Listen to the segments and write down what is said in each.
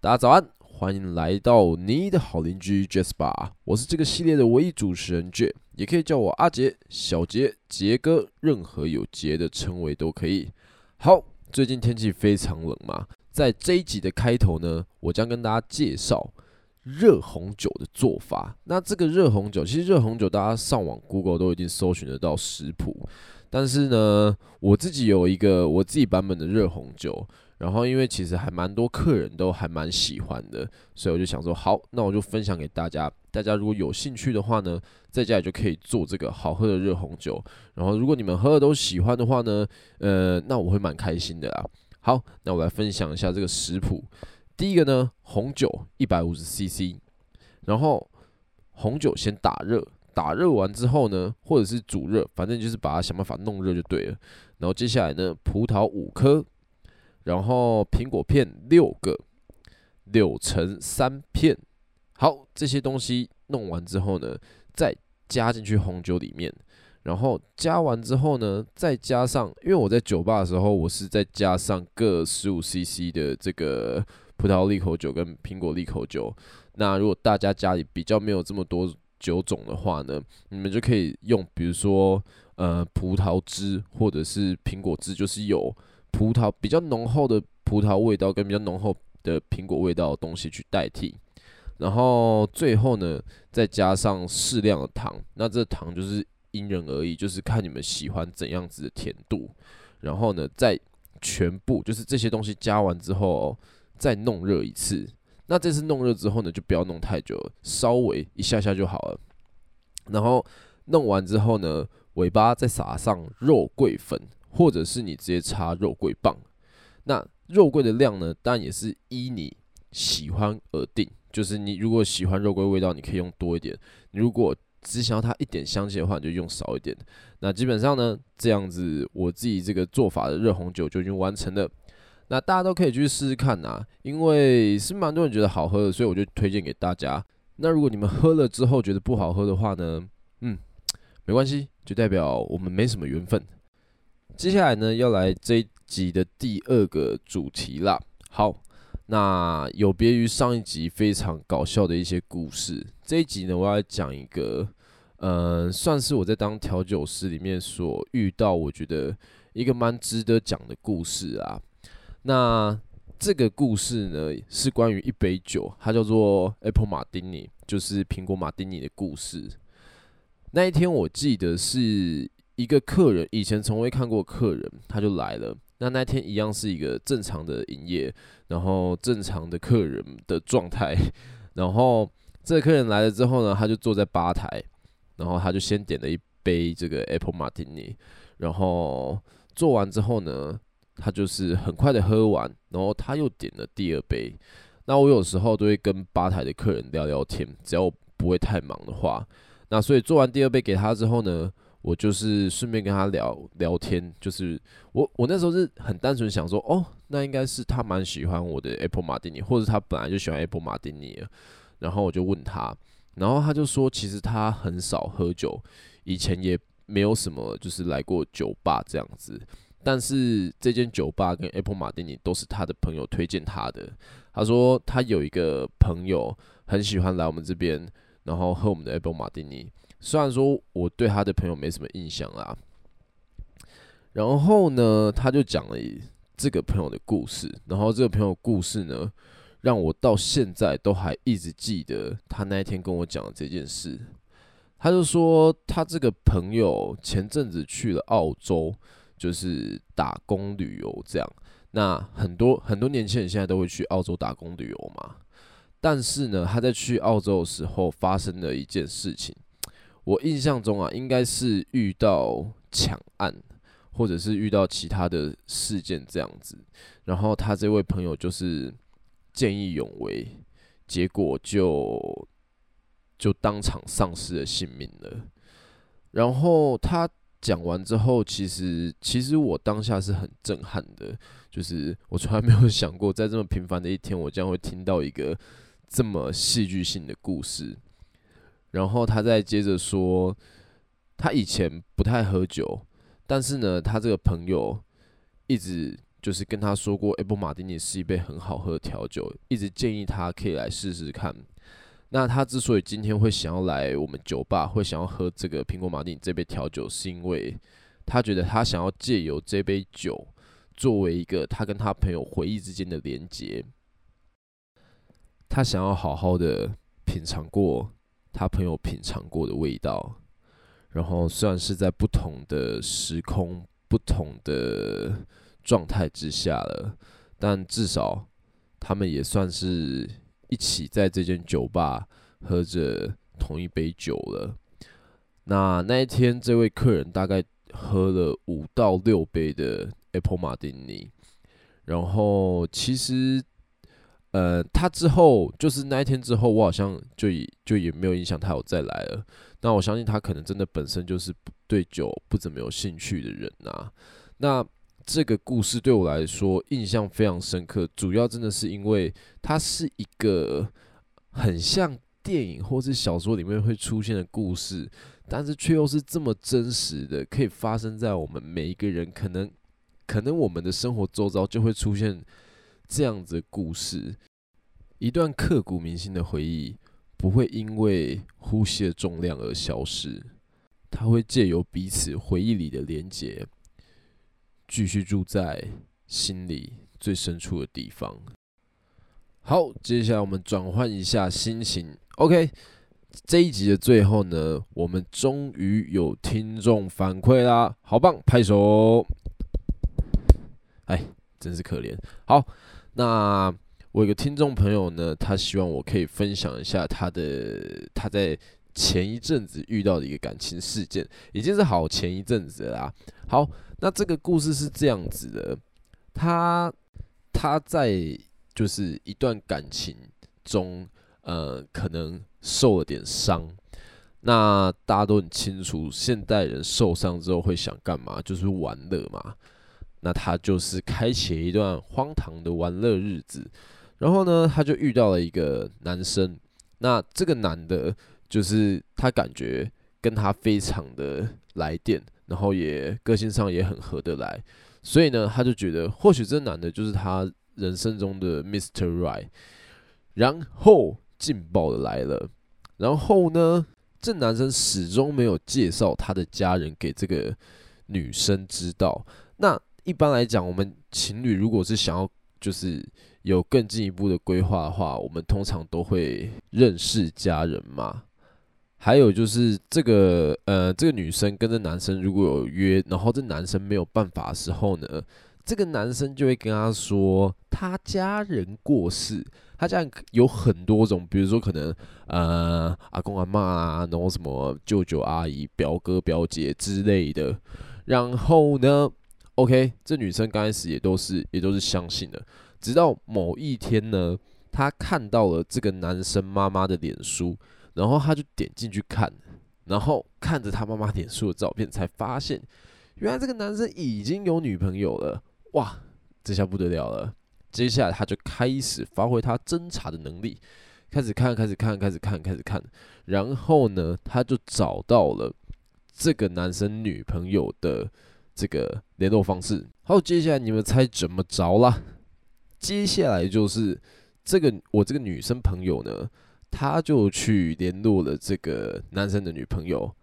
大家早安，歡迎來到你的好鄰居杰斯霸我是這個系列的唯一主持人 J，也可以叫我阿杰、小杰、杰哥，任何有杰的稱謂都可以。好，最近天氣非常冷嘛，在這一集的開頭呢，我將跟大家介紹。熱紅酒的做法，那這個熱紅酒其實熱紅酒，紅酒大家上網 Google 都已經搜尋得到食譜，但是呢，我自己有一個我自己版本的熱紅酒，然後因為其實還蠻多客人都還蠻喜歡的，所以我就想說，好，那我就分享給大家，大家如果有興趣的話呢，在家裡就可以做這個好喝的熱紅酒，然後如果你們喝了都喜歡的話呢，呃，那我會蠻開心的啦。好，那我來分享一下這個食譜。第一個呢，紅酒一百五十 CC，然後紅酒先打熱，打熱完之後呢，或者是煮熱，反正就是把它想辦法弄熱就對了。然後接下來呢，葡萄五顆，然後蘋果片六個，柳橙三片。好，這些東西弄完之後呢，再加進去紅酒裡面，然後加完之後呢，再加上，因為我在酒吧的時候，我是再加上各十五 CC 的這個。葡萄利口酒跟蘋果利口酒，那如果大家家裡比較沒有這麼多酒種的話呢，你們就可以用，比如說呃葡萄汁，或者是蘋果汁，就是有葡萄比較濃厚的葡萄味道跟比較濃厚的蘋果味道的東西去代替，然後最後呢再加上適量的糖，那這糖就是因人而異，就是看你們喜歡怎樣子的甜度，然後呢在全部就是這些東西加完之後，哦。再弄熱一次，那這次弄熱之後呢，就不要弄太久了，稍微一下下就好了。然後弄完之後呢，尾巴再撒上肉桂粉，或者是你直接插肉桂棒。那肉桂的量呢，當然也是依你喜歡而定。就是你如果喜歡肉桂味道，你可以用多一點；你如果只想要它一點香氣的話，你就用少一點。那基本上呢，這樣子我自己這個做法的熱紅酒就已經完成了。那大家都可以去試試看吶，因為是蠻多人覺得好喝的，所以我就推薦給大家。那如果你們喝了之後覺得不好喝的話呢，嗯，沒關係，就代表我們沒什麼緣分。接下來呢，要來這一集的第二個主題啦。好，那有別於上一集非常搞笑的一些故事，這一集呢，我要講一個，嗯，算是我在當調酒師裡面所遇到，我覺得一個蠻值得講的故事啊。那這個故事呢，是關於一杯酒，它叫做 Apple Martini，就是蘋果馬丁尼的故事。那一天我記得是一個客人，以前從未看過客人，他就來了。那那天一樣是一個正常的營業，然後正常的客人的狀態。然後這個客人來了之後呢，他就坐在吧台，然後他就先點了一杯這個 Apple Martini，然後做完之後呢。他就是很快的喝完，然後他又點了第二杯。那我有時候都會跟吧台的客人聊聊天，只要我不會太忙的話。那所以做完第二杯給他之後呢，我就是順便跟他聊聊天。就是我我那時候是很單純想說，哦，那應該是他蠻喜歡我的 Apple Martini 或者他本來就喜歡 Apple 馬丁尼了。然後我就問他，然後他就說，其實他很少喝酒，以前也沒有什麼就是來過酒吧這樣子。但是這間酒吧跟 Apple Martini 都是他的朋友推薦他的。他說他有一個朋友很喜歡來我們這邊，然後喝我們的 Apple Martini。雖然說我對他的朋友沒什麼印象啊，然後呢，他就講了這個朋友的故事。然後這個朋友的故事呢，讓我到現在都還一直記得他那一天跟我講的這件事。他就說他這個朋友前陣子去了澳洲。就是打工旅遊這樣，那很多很多年輕人現在都會去澳洲打工旅遊嘛。但是呢，他在去澳洲的時候發生了一件事情，我印象中啊，應該是遇到搶案，或者是遇到其他的事件這樣子。然後他這位朋友就是見義勇為，結果就就當場喪失了性命了。然後他。講完之後，其實其實我當下是很震撼的，就是我從來沒有想過，在這麼平凡的一天，我將會聽到一個這麼戲劇性的故事。然後他再接着說，他以前不太喝酒，但是呢，他這個朋友一直就是跟他說過，Apple 馬丁尼是一杯很好喝的調酒，一直建議他可以來試試看。那他之所以今天會想要來我們酒吧，會想要喝這個蘋果馬丁這杯調酒，是因為他覺得他想要借由這杯酒作為一個他跟他朋友回憶之間的連接。他想要好好的品嘗過他朋友品嘗過的味道，然後雖然是在不同的時空、不同的狀態之下了，但至少他們也算是。一起在這間酒吧喝着同一杯酒了。那那一天，這位客人大概喝了五到六杯的 Apple 馬丁尼。然後，其實，呃，他之後就是那一天之後，我好像就也就也沒有印象他有再來了。那我相信他可能真的本身就是對酒不怎麼有興趣的人吶、啊。那。這個故事對我來說印象非常深刻，主要真的是因為它是一個很像電影或是小說裡面會出現的故事，但是卻又是這麼真實的，可以發生在我們每一個人，可能可能我們的生活周遭就會出現這樣子的故事。一段刻骨銘心的回憶不會因為呼吸的重量而消失，它會借由彼此回憶裡的連接，繼續住在心裡最深處的地方。好，接下來我們轉換一下心情。OK，這一集的最後呢，我們終於有聽眾反饋啦，好棒，拍手！哎，真是可憐。好，那我有一個聽眾朋友呢，他希望我可以分享一下他的他在前一陣子遇到的一個感情事件，已經是好前一陣子了啦。好。那這個故事是這樣子的，他他在就是一段感情中，呃，可能受了點傷。那大家都很清楚，現代人受傷之後會想幹嘛？就是玩樂嘛。那他就是開啟了一段荒唐的玩樂日子。然後呢，他就遇到了一個男生。那這個男的，就是他感覺跟他非常的來電。然後也個性上也很合得來，所以呢，他就覺得或許這男的就是他人生中的 Mr. Right。然後勁爆的來了，然後呢，這男生始終沒有介紹他的家人給這個女生知道。那一般來講，我們情侶如果是想要就是有更進一步的規劃的話，我們通常都會認識家人嘛。還有就是這個，呃，這個女生跟這男生如果有約，然後這男生沒有辦法的時候呢，這個男生就會跟她說他家人過世，他家人有很多種，比如說可能呃，阿公阿嬤啊，然後什麼舅舅阿姨、表哥表姐之類的。然後呢，OK，這女生剛開始也都是也都是相信的，直到某一天呢，她看到了這個男生媽媽的臉書。然後他就點進去看，然後看着他媽媽臉書的照片，才發現原來這個男生已經有女朋友了。哇，這下不得了了。接下來他就開始發揮他偵查的能力，開始看，開始看，開始看，開始看。然後呢，他就找到了這個男生女朋友的這個聯絡方式。好，接下來你們猜怎麼着啦？接下來就是這個我這個女生朋友呢。他就去聯絡了這個男生的女朋友，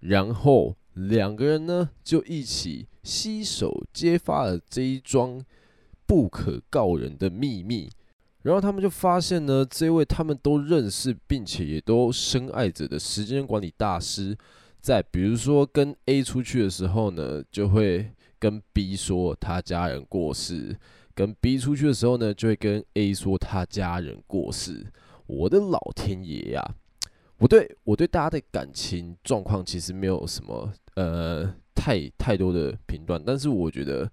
然後兩個人呢就一起攜手揭發了這一樁不可告人的秘密。然後他們就發現呢，這位他們都認識並且也都深愛着的時間管理大師，在比如說跟 A 出去的時候呢，就會跟 B 說他家人過世；跟 B 出去的時候呢，就會跟 A 說他家人過世。我的老天爺呀！我對我對大家的感情狀況其實沒有什麼呃太太多的評斷，但是我覺得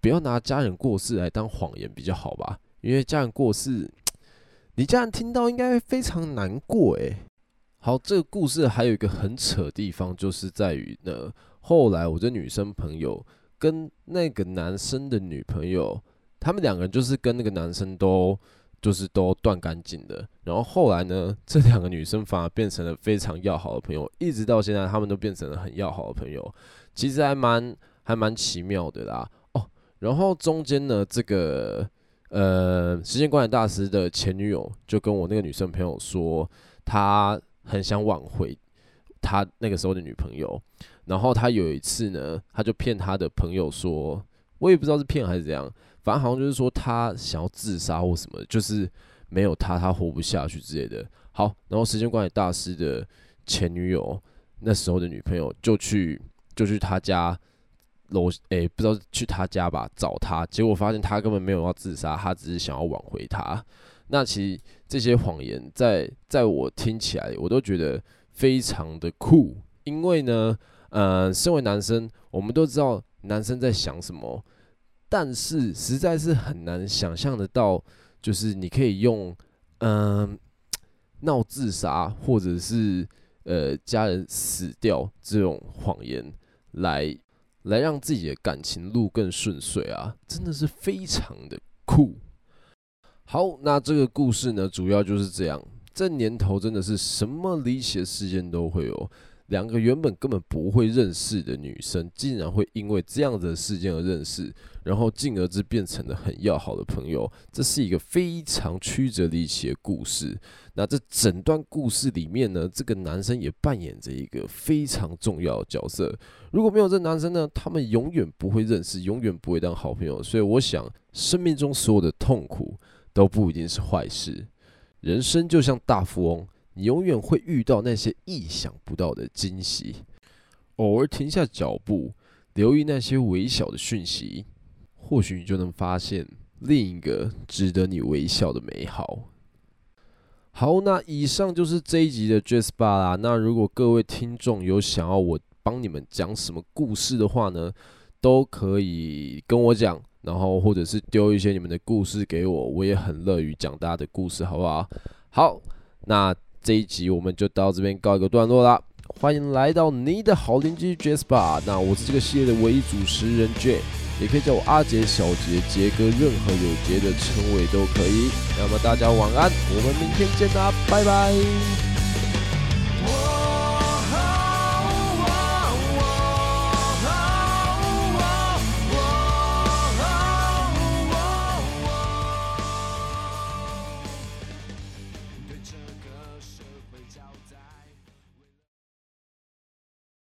不要拿家人過世來當謊言比較好吧，因為家人過世，你家人聽到應該非常難過誒、欸，好，這個故事還有一個很扯的地方，就是在於呢，後來我的女生朋友跟那個男生的女朋友，他們兩個人就是跟那個男生都。就是都斷乾淨的，然後後來呢，這兩個女生反而變成了非常要好的朋友，一直到現在，他們都變成了很要好的朋友，其實還蠻還蠻奇妙的啦。哦，然後中間呢，這個呃時間管理大師的前女友就跟我那個女生朋友說，他很想挽回他那個時候的女朋友，然後他有一次呢，他就騙他的朋友說，我也不知道是騙還是怎樣。反正好像就是說他想要自殺或什麼，就是沒有他他活不下去之類的。好，然後時間管理大師的前女友，那時候的女朋友就去就去他家樓，誒，不知道去他家吧，找他，結果發現他根本沒有要自殺，他只是想要挽回她。那其實這些謊言在在我聽起來，我都覺得非常的酷，因為呢，呃，身為男生，我們都知道男生在想什麼。但是實在是很難想象得到，就是你可以用嗯鬧、呃、自殺，或者是呃家人死掉這種謊言來來讓自己的感情路更順遂啊，真的是非常的酷。好，那這個故事呢，主要就是這樣。這年頭真的是什麼離奇的事件都會有。兩個原本根本不會認識的女生，竟然會因為這樣子的事件而認識，然後進而之變成了很要好的朋友。這是一個非常曲折離奇的故事。那這整段故事裡面呢，這個男生也扮演着一個非常重要的角色。如果沒有這男生呢，他們永遠不會認識，永遠不會當好朋友。所以我想，生命中所有的痛苦都不一定是壞事。人生就像大富翁。你永遠會遇到那些意想不到的驚喜。偶爾停下腳步，留意那些微小的訊息，或許你就能發現另一個值得你微笑的美好。好，那以上就是這一集的傑斯霸啦。那如果各位聽眾有想要我幫你們講什麼故事的話呢，都可以跟我講，然後或者是丟一些你們的故事給我，我也很樂於講大家的故事，好不好？好，那。這一集我們就到這邊告一個段落啦，歡迎來到你的好鄰居杰斯霸那我是這個系列的唯一主持人 J，也可以叫我阿杰、小杰、杰哥，任何有杰的稱謂都可以。那麼大家晚安，我們明天見啦，啊，拜拜。